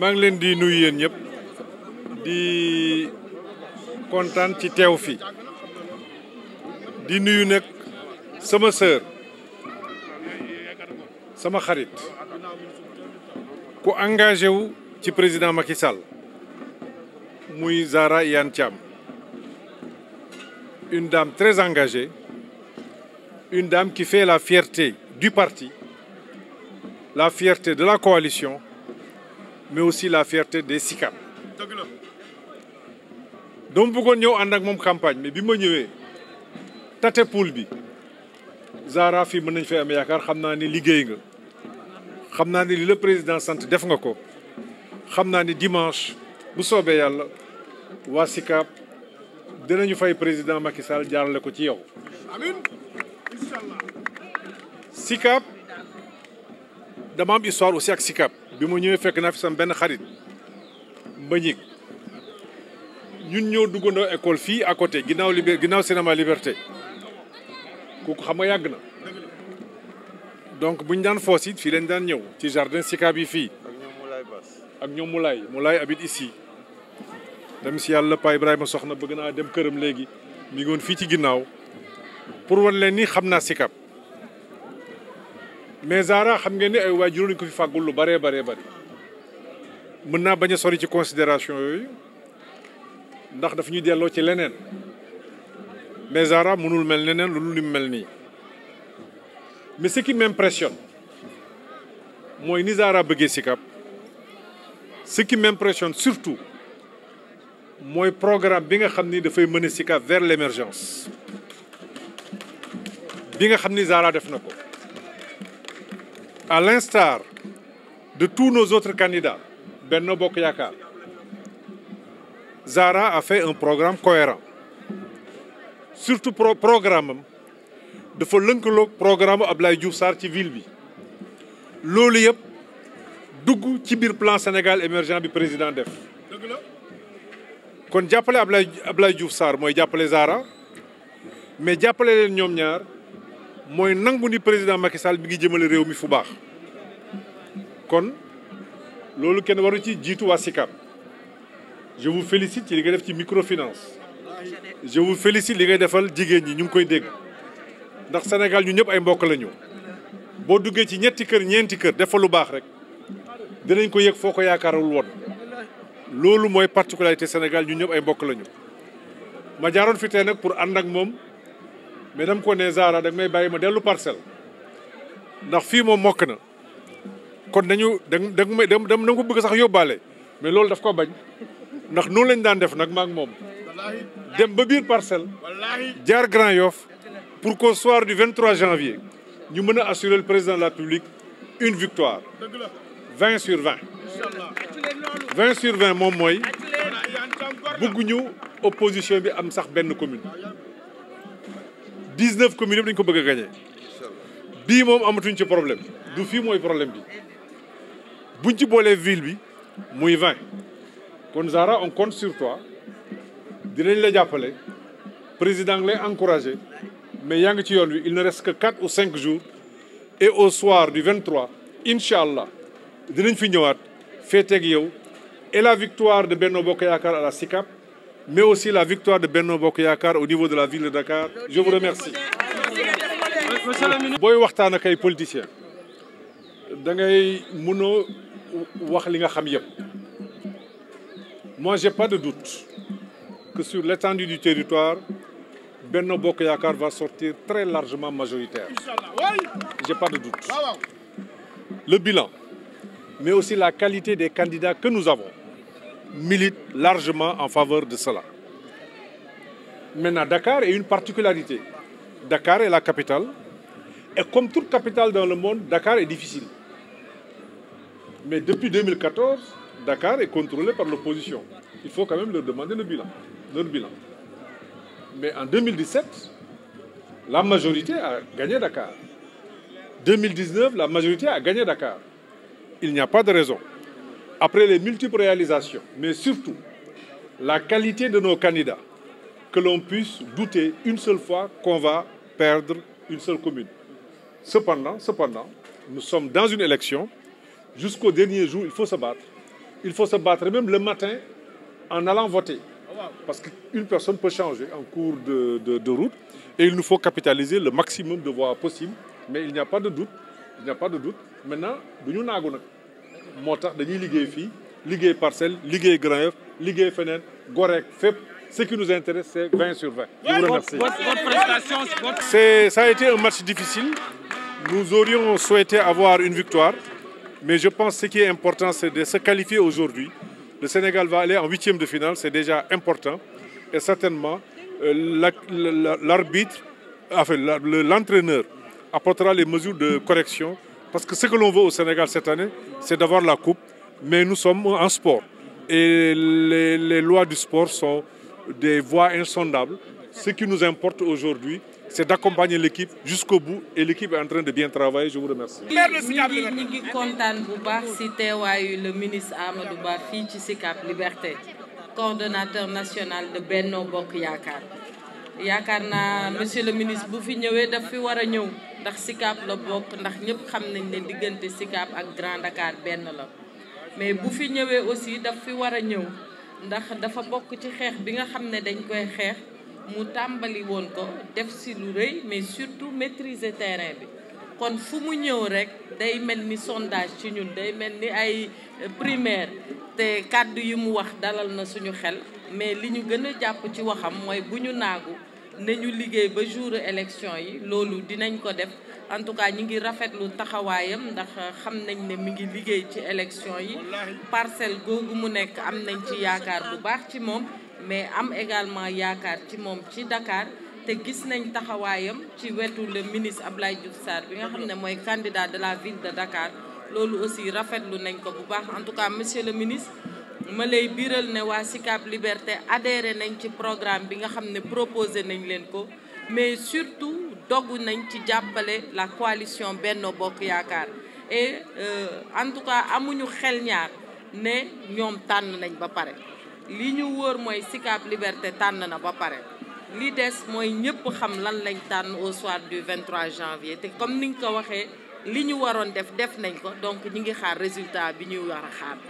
maa ngi leen di nuyu yéen ñëpp di kontaan ci teew fi di nuyu nag sama sœur sama xarit ku engagé wu ci président Macky Sall muy Zahra Iyane Thiam une dame très engagée une dame qui fait la fierté du parti la fierté de la coalition mais aussi la fierté des SICAP. dama buggoon ñëw ànd ak moom campagne mais bi ma ñëwee tate pool bi Zahra fii mën nañ fay am yaakaar xam naa ni liggéey nga xam naa ni li la président sant def nga ko xam naa ni dimanche bu soobee yàlla waa SICAP dinañu fay président Macky Sall jaarale ko ci yow. amiin incha allah. SICAP dama am histoire aussi ak SICAP. bi ma ñëwee fekk naa fi sam benn xarit Mbagnick ñun ñoo duggandoo école fii à côté ginnaaw Liberté ginnaaw cinéma Liberté kooku xam nga yàgg na. donc bu ñu daan foos it fii lañ daan ñëw ci jardin Sika bi fii. ak ñoom Moulay Bass ak ñoom Moulay Moulay habite dem si yàlla Pa Ibrahima soxna bëgg naa dem këram léegi mi ngi fii ci ginnaaw pour wan leen ni xam naa Sicap mais Zahra xam ngeen ne ay waajur lañ ko fi fàggul lu bëree bare bëri mën naa bañ a sori ci considération yooyu ndax daf ñuy delloo ci leneen mais Zahra mënul mel neneen lu dul ni mu mel nii mais ce qui m'impressionne mooy ni Zahra bëggee Sicap ce qui m'impressionne surtout mooy programme bi nga xam ni dafay mener Sicap vers l'émergence bi nga xam ni Zahra def na ko à l'instar de tous nos autres candidats, Benno Bokyaka, Zara a fait un programme cohérent. Surtout pro programme, de faut le programme Ablaye Diouf saar ci ville bi. loolu yëpp dugg ci biir plan Sénégal émergent bi président def. kon jàppale Ablaye Ablaye Diouf Sarr mooy jàppale Zara mais jàppale leen ñoom ñaar. mooy nangu ni président Macky Sall bi ngi jëmale réew mi fu baax kon loolu kenn waru ci jiitu waa SICAP je vous ci li nga def ci microfinance je félicie li ngay defal jigéen ñi ñu ngi koy dégg ndax Sénégal ñu ñëpp ay mbokk lañu boo duggee ci ñetti kër ñeenti kër defal lu baax rek dinañ ko yëg foo ko yaakaarul woon loolu mooy particularité Sénégal ñu ñëpp ay mbokk lañu ma jaaroon fi tey nag pour ànd ak moom. mais dama ko ne Zahra da may bàyyi ma dellu parcelle ndax fii moom mokk na kon nañu da da may da da ko bëgg sax yóbbaale mais loolu daf ko bañ ndax noonu lañ daan def nag maak moom dem ba biir parcelle jaar Grand Yoff pour qu'au soir du 23 janvier ñu mën a assurer le président de la République une victoire vingt sur 20 20 sur 20 moom mooy bëgguñu opposition bi am sax benn commune 19 communes yëpp dañ ko bëgg a gagné bii moom amatuñ ci problème du fii mooy problème bi buñ ci boolee ville bi muy 20 kon Zahra on compte sur toi dinañ la jàppale président ngi lay encouragé mais yaa ngi ci yoon wi il ne reste que 4 ou 5 jours et au soir du 23 incha allah dinañ fi ñëwaat féeteeg yow e la victoire de benn Bokk Yaakaar à si SICAP. mais aussi la victoire de Benno Bokk Yaakaar au niveau de la ville de Dakar je vous remercie. booy waxtaan ak ay politiciens da ngay mën wax li nga xam yëpp moi j'ai pas de doute que sur l'étendue du territoire Benno Bokk Yaakaar va sortir très largement majoritaire j'ai pas de doute le bilan mais aussi la qualité des candidats que nous avons milite largement en faveur de cela. Maintenant, Dakar une particularité. Dakar est la capitale. Et comme toute capitale dans le monde, Dakar est difficile. Mais depuis 2014, Dakar est contrôlé par l'opposition. Il faut quand même leur demander le bilan, leur bilan. Mais en 2017, la majorité a gagné Dakar. 2019, la majorité a gagné Dakar. Il n'y a après les multiples réalisations, mais surtout la qualité de nos candidats, que l'on puisse douter une seule fois qu'on va perdre une seule commune. Cependant, cependant, nous sommes dans une élection. Jusqu'au dernier jour, il faut se battre. Il faut se battre même le matin en allant voter. Parce qu'une personne peut changer en cours de, de, de route et il nous faut capitaliser le maximum de voix possible. Mais il n'y a pas de doute. Il n'y a Maintenant, nous avons moo tax dañuy liggéey fii liggéey parcelle liggéey Grand Yoff liggéey feneen Gorée fépp ce qui nous intéresse c'est 20 sur 20. je vous remercie. votre prestation c'est ça a été un match difficile nous aurions souhaité avoir une victoire mais je pense que ce qui est important c'est de se qualifier aujourd'hui le Sénégal va aller en huitième de finale c'est déjà important et certainement euh, l'arbitre enfin l'entraîneur apportera les mesures de correction Parce que ce que l'on veut au Sénégal cette année, c'est d'avoir la coupe, mais nous sommes en sport. Et les, lois du sport sont des voies insondables. Ce qui nous importe aujourd'hui, c'est d'accompagner l'équipe jusqu'au bout et l'équipe est en train de bien travailler je vous remercie. bu baax ci teewaayu le ministre Ba fii ci SICAP Liberté coordonnateur national de Benno Bokk yaakaar naa monsieur le ministre bu fi ñëwee daf fi war a ñëw ndax SICAP la bokk ndax ñëpp xam nañ ne diggante SICAP ak Grand Dakar benn la mais bu fi ñëwee aussi daf fi war a ñëw ndax dafa bokk ci xeex bi nga xam ne dañ koy xeex mu tàmbali woon ko def si lu rëy mais surtout maîtriser terrain bi kon fu mu ñëw rek day mel ni sondage ci ñun day mel ni ay primaire te kàddu yi mu wax dalal na suñu xel mais li ñu gën a jàpp ci waxam mooy bu ñu naagu nañu liggéey ba jour élection yi loolu dinañ ko def en tout cas ñi ngi rafetlu taxawaayam ndax xam nañ ne mi ngi liggéey ci élection yi parcelle googu mu nekk am nañ ci yaakaar bu baax ci moom mais am également yaakaar ci moom ci dakaar te gis nañ taxawaayam ci wetu le ministre Abdoulaye Diouf Sarr bi nga xam ne mooy candidat de la ville dakaar loolu aussi rafetlu nañ ko bu baax en tout cas monsieur le ministre ma lay biiral ne waa SICAP Liberté adhéré nañ ci programme bi nga xam ne proposé nañ leen ko mais surtout dogu nañ ci jàppale la coalition benn Bokk Yaakaar et euh, en tout cas amuñu xel ñaar ne ñoom tànn nañ ba pare li ñu wóor mooy SICAP Liberté tànn na ba pare li des mooy ñëpp xam lan lañ tànn au soir du 23 janvier te comme niñ ko waxee li ñu waroon def def nañ ko donc ñi ngi xaar résultat bi ñuy war a xaar.